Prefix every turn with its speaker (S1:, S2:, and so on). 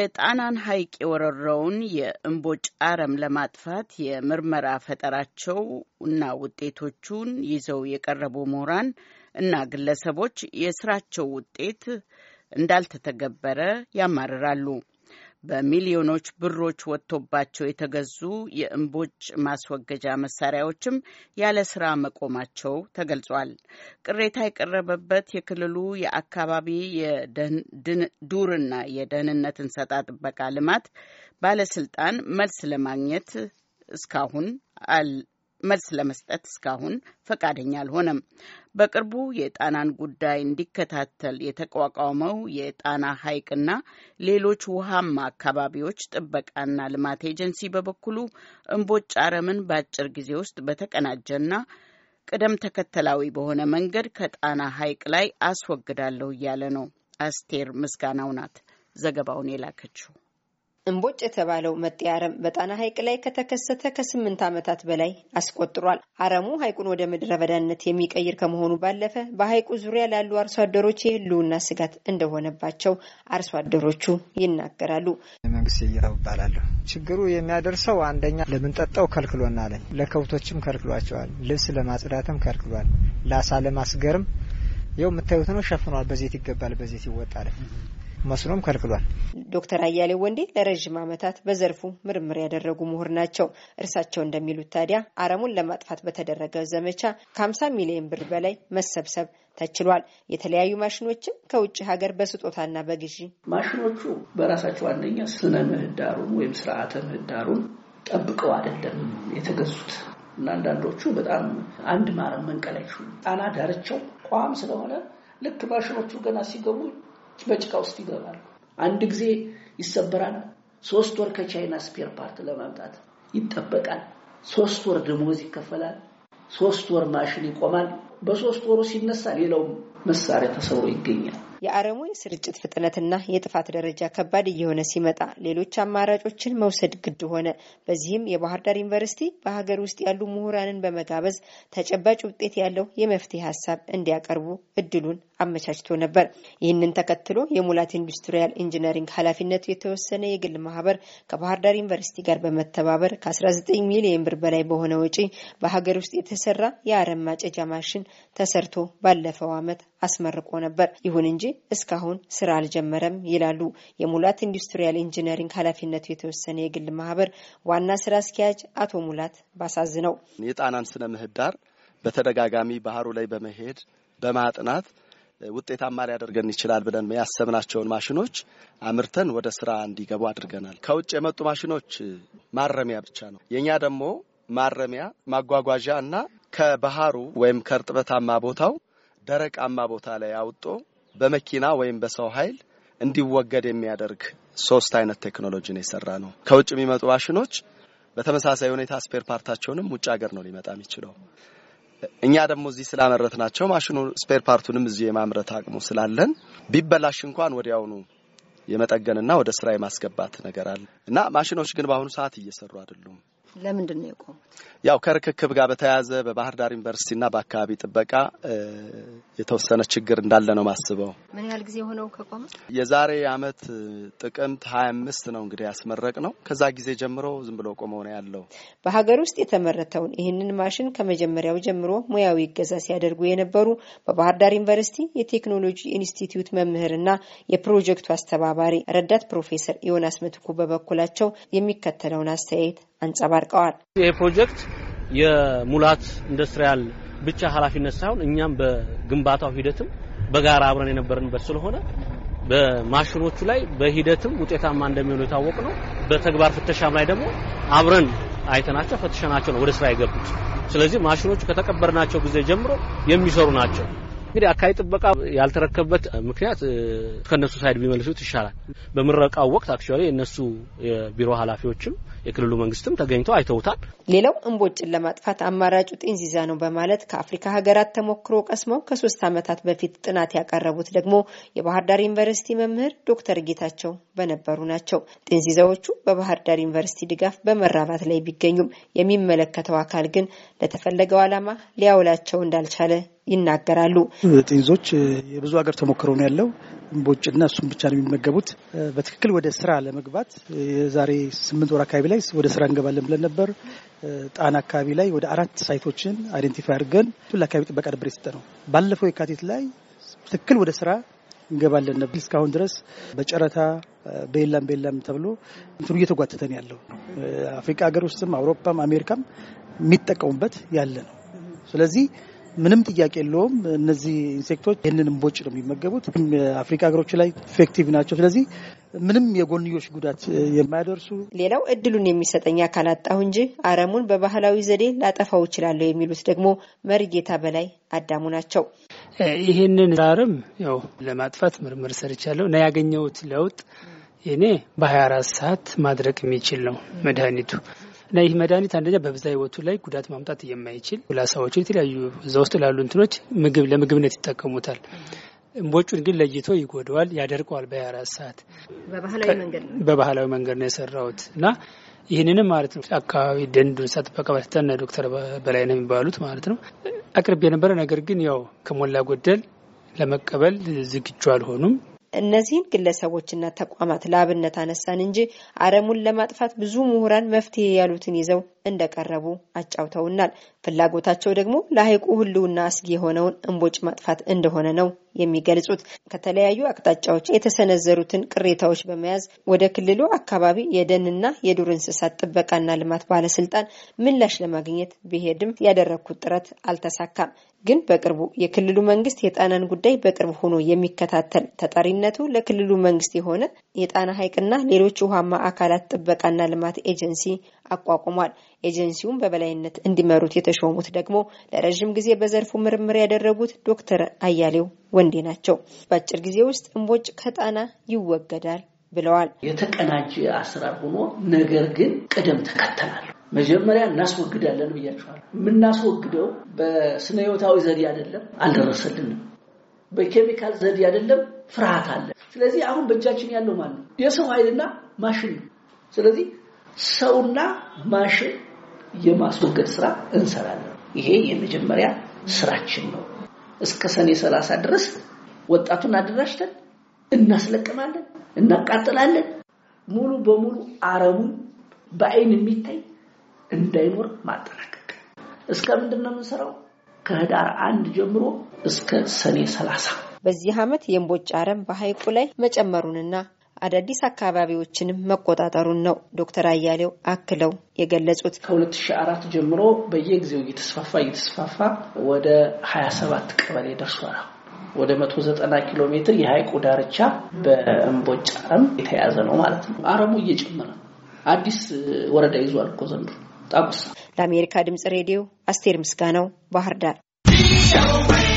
S1: የጣናን ሐይቅ የወረረውን የእምቦጭ አረም ለማጥፋት የምርመራ ፈጠራቸው እና ውጤቶቹን ይዘው የቀረቡ ምሁራን እና ግለሰቦች የስራቸው ውጤት እንዳልተተገበረ ያማርራሉ። በሚሊዮኖች ብሮች ወጥቶባቸው የተገዙ የእምቦጭ ማስወገጃ መሳሪያዎችም ያለ ስራ መቆማቸው ተገልጿል። ቅሬታ የቀረበበት የክልሉ የአካባቢ የዱርና የደህንነት እንሰጣ ጥበቃ ልማት ባለስልጣን መልስ ለማግኘት እስካሁን መልስ ለመስጠት እስካሁን ፈቃደኛ አልሆነም። በቅርቡ የጣናን ጉዳይ እንዲከታተል የተቋቋመው የጣና ሐይቅና ሌሎች ውሃማ አካባቢዎች ጥበቃና ልማት ኤጀንሲ በበኩሉ እምቦጭ አረምን በአጭር ጊዜ ውስጥ በተቀናጀና ቅደም ተከተላዊ በሆነ መንገድ ከጣና ሐይቅ ላይ አስወግዳለሁ እያለ ነው። አስቴር ምስጋናው ናት ዘገባውን የላከችው። እምቦጭ የተባለው መጤ አረም በጣና ሐይቅ ላይ ከተከሰተ
S2: ከስምንት ዓመታት በላይ አስቆጥሯል። አረሙ ሐይቁን ወደ ምድረ በዳነት የሚቀይር ከመሆኑ ባለፈ በሐይቁ ዙሪያ ላሉ አርሶ አደሮች የህልውና ስጋት እንደሆነባቸው አርሶ አደሮቹ ይናገራሉ። መንግስት እየራው ይባላሉ። ችግሩ የሚያደርሰው አንደኛ ለምንጠጣው ከልክሎና አለኝ፣ ለከብቶችም ከልክሏቸዋል፣ ልብስ ለማጽዳትም ከልክሏል፣ ለአሳ ለማስገርም ይኸው የምታዩት ነው ሸፍኗል። በዜት ይገባል፣ በዜት ይወጣል። መስኖም ከልክሏል። ዶክተር አያሌው ወንዴ ለረዥም ዓመታት በዘርፉ ምርምር ያደረጉ ምሁር ናቸው። እርሳቸው እንደሚሉት ታዲያ አረሙን ለማጥፋት በተደረገ ዘመቻ ከ50 ሚሊዮን ብር በላይ መሰብሰብ ተችሏል። የተለያዩ ማሽኖችም ከውጭ ሀገር በስጦታና በግዢ ማሽኖቹ
S3: በራሳቸው አንደኛ ስነ ምህዳሩን ወይም ስርዓተ ምህዳሩን ጠብቀው አይደለም የተገዙት እና አንዳንዶቹ በጣም አንድ ማረም መንቀላይ ጣና ዳርቻው ቋም ስለሆነ ልክ ማሽኖቹ ገና ሲገቡ በጭቃ ውስጥ ይገባል አንድ ጊዜ ይሰበራል። ሶስት ወር ከቻይና ስፔር ፓርት ለማምጣት ይጠበቃል። ሶስት ወር ደሞዝ ይከፈላል። ሶስት ወር ማሽን ይቆማል። በሶስት ወሩ ሲነሳ ሌላው መሳሪያ ተሰብሮ ይገኛል።
S2: የአረሙ የስርጭት ፍጥነትና የጥፋት ደረጃ ከባድ እየሆነ ሲመጣ ሌሎች አማራጮችን መውሰድ ግድ ሆነ። በዚህም የባህር ዳር ዩኒቨርሲቲ በሀገር ውስጥ ያሉ ምሁራንን በመጋበዝ ተጨባጭ ውጤት ያለው የመፍትሄ ሀሳብ እንዲያቀርቡ እድሉን አመቻችቶ ነበር። ይህንን ተከትሎ የሙላት ኢንዱስትሪያል ኢንጂነሪንግ ኃላፊነቱ የተወሰነ የግል ማህበር ከባህር ዳር ዩኒቨርሲቲ ጋር በመተባበር ከ19 ሚሊዮን ብር በላይ በሆነ ወጪ በሀገር ውስጥ የተሰራ የአረም ማጨጃ ማሽን ተሰርቶ ባለፈው ዓመት አስመርቆ ነበር። ይሁን እንጂ እስካሁን ስራ አልጀመረም ይላሉ የሙላት ኢንዱስትሪያል ኢንጂነሪንግ ኃላፊነቱ የተወሰነ የግል ማህበር ዋና ስራ አስኪያጅ አቶ ሙላት
S4: ባሳዝነው የጣናን ስነ ምህዳር በተደጋጋሚ ባህሩ ላይ በመሄድ በማጥናት ውጤታማ ሊያደርገን ይችላል ብለን ያሰብናቸውን ማሽኖች አምርተን ወደ ስራ እንዲገቡ አድርገናል። ከውጭ የመጡ ማሽኖች ማረሚያ ብቻ ነው። የእኛ ደግሞ ማረሚያ፣ ማጓጓዣ እና ከባህሩ ወይም ከእርጥበታማ ቦታው ደረቃማ ቦታ ላይ አውጦ በመኪና ወይም በሰው ኃይል እንዲወገድ የሚያደርግ ሶስት አይነት ነው የሰራ ነው። ከውጭ የሚመጡ ማሽኖች በተመሳሳይ ሁኔታ ስፔር ፓርታቸውንም ውጭ ሀገር ነው ሊመጣ የሚችለው። እኛ ደግሞ እዚህ ስላመረት ናቸው ማሽኑ ስፔር ፓርቱንም እዚህ የማምረት አቅሙ ስላለን ቢበላሽ እንኳን ወዲያውኑ የመጠገንና ወደ ስራ የማስገባት ነገር አለ እና ማሽኖች ግን በአሁኑ ሰዓት እየሰሩ አይደሉም። ለምንድን ነው የቆሙት? ያው ከርክክብ ጋር በተያያዘ በባህር ዳር ዩኒቨርሲቲና በአካባቢ ጥበቃ የተወሰነ ችግር እንዳለ ነው ማስበው።
S2: ምን ያህል ጊዜ ሆነው ከቆመ?
S4: የዛሬ አመት ጥቅምት ሀያ አምስት ነው እንግዲህ ያስመረቅ ነው። ከዛ ጊዜ ጀምሮ ዝም ብሎ ቆመው ነው ያለው።
S2: በሀገር ውስጥ የተመረተውን ይህንን ማሽን ከመጀመሪያው ጀምሮ ሙያዊ እገዛ ሲያደርጉ የነበሩ በባህር ዳር ዩኒቨርሲቲ የቴክኖሎጂ ኢንስቲትዩት መምህርና የፕሮጀክቱ አስተባባሪ ረዳት ፕሮፌሰር ዮናስ ምትኩ በበኩላቸው የሚከተለውን አስተያየት አንጸባርቀዋል።
S3: ይህ
S4: ፕሮጀክት የሙላት ኢንዱስትሪያል ብቻ ኃላፊነት ሳይሆን እኛም በግንባታው ሂደትም በጋራ አብረን የነበርንበት ስለሆነ በማሽኖቹ ላይ በሂደትም ውጤታማ እንደሚሆኑ የታወቅ ነው። በተግባር ፍተሻም ላይ ደግሞ አብረን አይተናቸው ፈትሸናቸው ነው ወደ ስራ የገቡት። ስለዚህ ማሽኖቹ ከተቀበርናቸው ጊዜ ጀምሮ የሚሰሩ ናቸው። እንግዲህ አካባቢ ጥበቃ ያልተረከበት ምክንያት ከነሱ ሳይድ ቢመልሱት ይሻላል። በምረቃው ወቅት አክቹዋሊ የነሱ የቢሮ ኃላፊዎችም የክልሉ መንግስትም ተገኝቶ አይተውታል።
S2: ሌላው እምቦጭን ለማጥፋት አማራጩ ጤንዚዛ ነው በማለት ከአፍሪካ ሀገራት ተሞክሮ ቀስመው ከሶስት ዓመታት በፊት ጥናት ያቀረቡት ደግሞ የባህር ዳር ዩኒቨርሲቲ መምህር ዶክተር ጌታቸው በነበሩ ናቸው። ጤንዚዛዎቹ በባህር ዳር ዩኒቨርሲቲ ድጋፍ በመራባት ላይ ቢገኙም የሚመለከተው አካል ግን ለተፈለገው ዓላማ ሊያውላቸው እንዳልቻለ ይናገራሉ።
S4: ጤንዞች የብዙ ሀገር ተሞክሮ ነው ያለው። እና እሱም ብቻ ነው የሚመገቡት። በትክክል ወደ ስራ ለመግባት የዛሬ ስምንት ወር አካባቢ ላይ ወደ ስራ እንገባለን ብለን ነበር። ጣና አካባቢ ላይ ወደ አራት ሳይቶችን አይደንቲፋይ አድርገን ለአካባቢ ጥበቃ ነበር የሰጠ ነው። ባለፈው የካቲት ላይ ትክክል ወደ ስራ እንገባለን ነበር። እስካሁን ድረስ በጨረታ በየላም በየላም ተብሎ እንትኑ እየተጓተተ ነው ያለው። አፍሪካ ሀገር ውስጥም አውሮፓም አሜሪካም የሚጠቀሙበት ያለ ነው። ስለዚህ ምንም ጥያቄ የለውም። እነዚህ ኢንሴክቶች ይህንን እምቦጭ ነው የሚመገቡት። አፍሪካ ሀገሮች ላይ ኢፌክቲቭ ናቸው። ስለዚህ ምንም
S2: የጎንዮሽ ጉዳት የማያደርሱ ሌላው እድሉን የሚሰጠኝ አካል አጣሁ እንጂ አረሙን በባህላዊ ዘዴ ላጠፋው እችላለሁ የሚሉት ደግሞ መርጌታ በላይ አዳሙ ናቸው።
S3: ይህንን አረም ያው ለማጥፋት ምርምር ሰርቻለሁ እና ያገኘሁት ለውጥ እኔ በ24 ሰዓት ማድረቅ የሚችል ነው መድኃኒቱ እና ይህ መድኃኒት አንደኛ በብዛ ህይወቱ ላይ ጉዳት ማምጣት የማይችል ላሳዎቹ የተለያዩ እዛ ውስጥ ላሉ እንትኖች ምግብ ለምግብነት ይጠቀሙታል። እምቦጩን ግን ለይቶ ይጎደዋል፣ ያደርቀዋል። በ24 ሰዓት በባህላዊ መንገድ ነው የሰራሁት እና ይህንንም ማለት ነው አካባቢ ደን ዱንሳ ጥበቃ ባለስልጣን ዶክተር በላይ ነው የሚባሉት ማለት ነው አቅርቤ የነበረ ነገር ግን ያው ከሞላ ጎደል ለመቀበል ዝግጁ አልሆኑም።
S2: እነዚህን ግለሰቦችና ተቋማት ለአብነት አነሳን እንጂ አረሙን ለማጥፋት ብዙ ምሁራን መፍትሄ ያሉትን ይዘው እንደቀረቡ አጫውተውናል። ፍላጎታቸው ደግሞ ለሐይቁ ሕልውና አስጊ የሆነውን እንቦጭ ማጥፋት እንደሆነ ነው የሚገልጹት። ከተለያዩ አቅጣጫዎች የተሰነዘሩትን ቅሬታዎች በመያዝ ወደ ክልሉ አካባቢ የደንና የዱር እንስሳት ጥበቃና ልማት ባለስልጣን ምላሽ ለማግኘት ቢሄድም ያደረግኩት ጥረት አልተሳካም። ግን በቅርቡ የክልሉ መንግስት የጣናን ጉዳይ በቅርብ ሆኖ የሚከታተል ተጠሪነቱ ለክልሉ መንግስት የሆነ የጣና ሐይቅና ሌሎች ውሃማ አካላት ጥበቃና ልማት ኤጀንሲ አቋቁሟል። ኤጀንሲውን በበላይነት እንዲመሩት የተሾሙት ደግሞ ለረዥም ጊዜ በዘርፉ ምርምር ያደረጉት ዶክተር አያሌው ወንዴ ናቸው። በአጭር ጊዜ ውስጥ እምቦጭ ከጣና ይወገዳል ብለዋል። የተቀናጀ አሰራር
S3: ሆኖ ነገር ግን ቅደም ተከተላለሁ። መጀመሪያ እናስወግዳለን ብያቸዋል። የምናስወግደው በስነ ህይወታዊ ዘዴ አይደለም፣ አልደረሰልንም። በኬሚካል ዘዴ አይደለም፣ ፍርሃት አለ። ስለዚህ አሁን በእጃችን ያለው ማለት ነው የሰው ኃይልና ማሽን ነው። ስለዚህ ሰውና ማሽን የማስወገድ ስራ እንሰራለን። ይሄ የመጀመሪያ ስራችን ነው። እስከ ሰኔ ሰላሳ ድረስ ወጣቱን አደራጅተን እናስለቅማለን፣ እናቃጥላለን። ሙሉ በሙሉ አረሙን በአይን የሚታይ እንዳይኖር ማጠናቀቅ
S2: እስከ ምንድን ነው የምንሰራው? ከህዳር አንድ ጀምሮ
S3: እስከ ሰኔ ሰላሳ
S2: በዚህ ዓመት የእምቦጭ አረም በሐይቁ ላይ መጨመሩንና አዳዲስ አካባቢዎችንም መቆጣጠሩን ነው ዶክተር አያሌው አክለው የገለጹት። ከ2004 ጀምሮ በየጊዜው እየተስፋፋ እየተስፋፋ ወደ 27 ቀበሌ ደርሷል።
S3: ወደ 190 ኪሎ ሜትር የሀይቁ ዳርቻ በእምቦጭ አረም የተያዘ ነው ማለት ነው። አረሙ እየጨመረ አዲስ ወረዳ ይዟል እኮ ዘንድሮ ጣቁስ።
S2: ለአሜሪካ ድምጽ ሬዲዮ አስቴር ምስጋናው ባህር ዳር